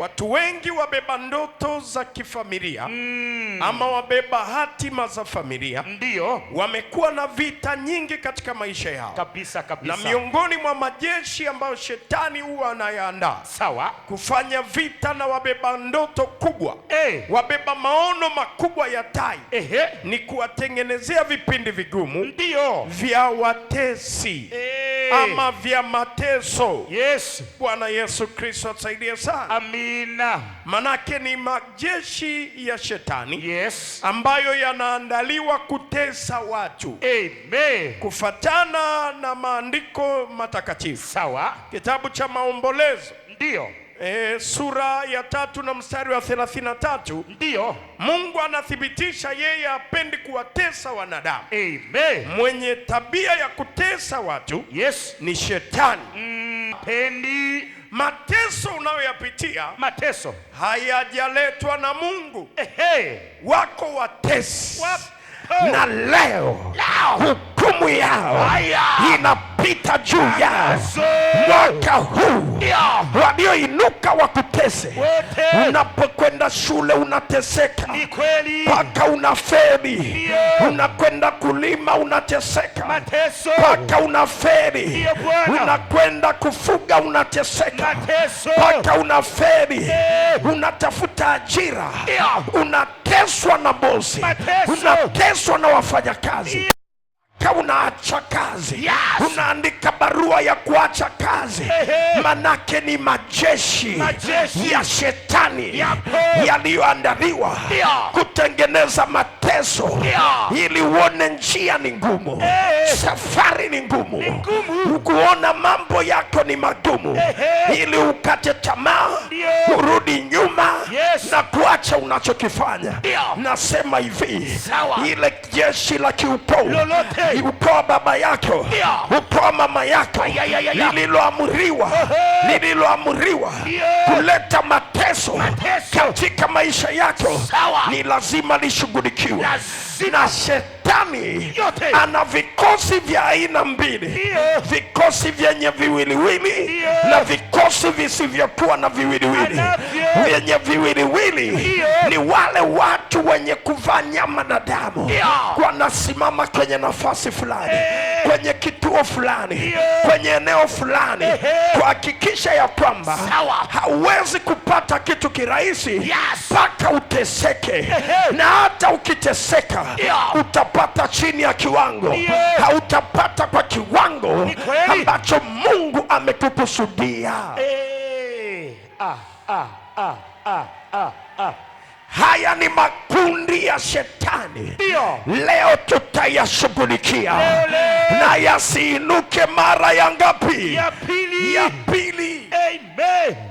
Watu wengi wabeba ndoto za kifamilia mm. ama wabeba hatima za familia ndio wamekuwa na vita nyingi katika maisha yao kabisa, kabisa. Na miongoni mwa majeshi ambayo shetani huwa anayaandaa sawa kufanya vita na wabeba ndoto kubwa eh. wabeba maono makubwa ya tai eh. ni kuwatengenezea vipindi vigumu ndio vya watesi eh ama vya mateso. Yes. Bwana Yesu Kristo atusaidie sana. Amina. Manake ni majeshi ya shetani yes, ambayo yanaandaliwa kutesa watu. Amen. Kufatana na maandiko matakatifu. Sawa. Kitabu cha maombolezo. Ndio e, sura ya tatu na mstari wa thelathini na tatu ndiyo Mungu anathibitisha yeye hapendi kuwatesa wanadamu. Amen. Mwenye tabia ya kutesa watu yes, ni shetani mm, pendi mateso unayoyapitia mateso hayajaletwa na Mungu. Ehe. Wako watesi Wap na leo, leo hukumu yao inapita juu yao mwaka huu walioinuka wakutese. Unapokwenda shule unateseka mpaka unaferi, unakwenda kulima unateseka mpaka unaferi, unakwenda kufuga unateseka mpaka unaferi, eh. unatafuta ajira unateswa na bosi, unateswa na wafanyakazi, unaacha kazi yeah unaandika barua ya kuacha kazi hey, manake ni majeshi, majeshi ya shetani yaliyoandaliwa ya kutengeneza mateso ili uone njia ni ngumu hey, safari ni ngumu, ukuona mambo yako ni magumu hey, ili ukate tamaa urudi Acha unachokifanya Nasema hivi Ile jeshi la kiupou ukoa baba yako ukoa mama yako lililoamriwa Lililoamriwa Kuleta mateso, mateso katika maisha yako Ni lazima lishughulikiwe na shetani Yote. Ana vikosi vya aina mbili yeah. Vikosi vyenye viwiliwili yeah. Na vikosi visivyokuwa na viwiliwili Anavyo wenye viwiliwili ni wale watu wenye kuvaa nyama na damu, wanasimama kwenye nafasi fulani, kwenye kituo fulani, kwenye eneo fulani, kuhakikisha ya kwamba hauwezi kupata kitu kirahisi mpaka uteseke, na hata ukiteseka utapata chini ya kiwango, hautapata kwa kiwango ambacho Mungu amekukusudia. Hey. Eh. Ah. Haya ni makundi ya shetani. Dio. Leo tutayashughulikia na yasiinuke mara ya ngapi? Ya pili. Ya pili. Amen.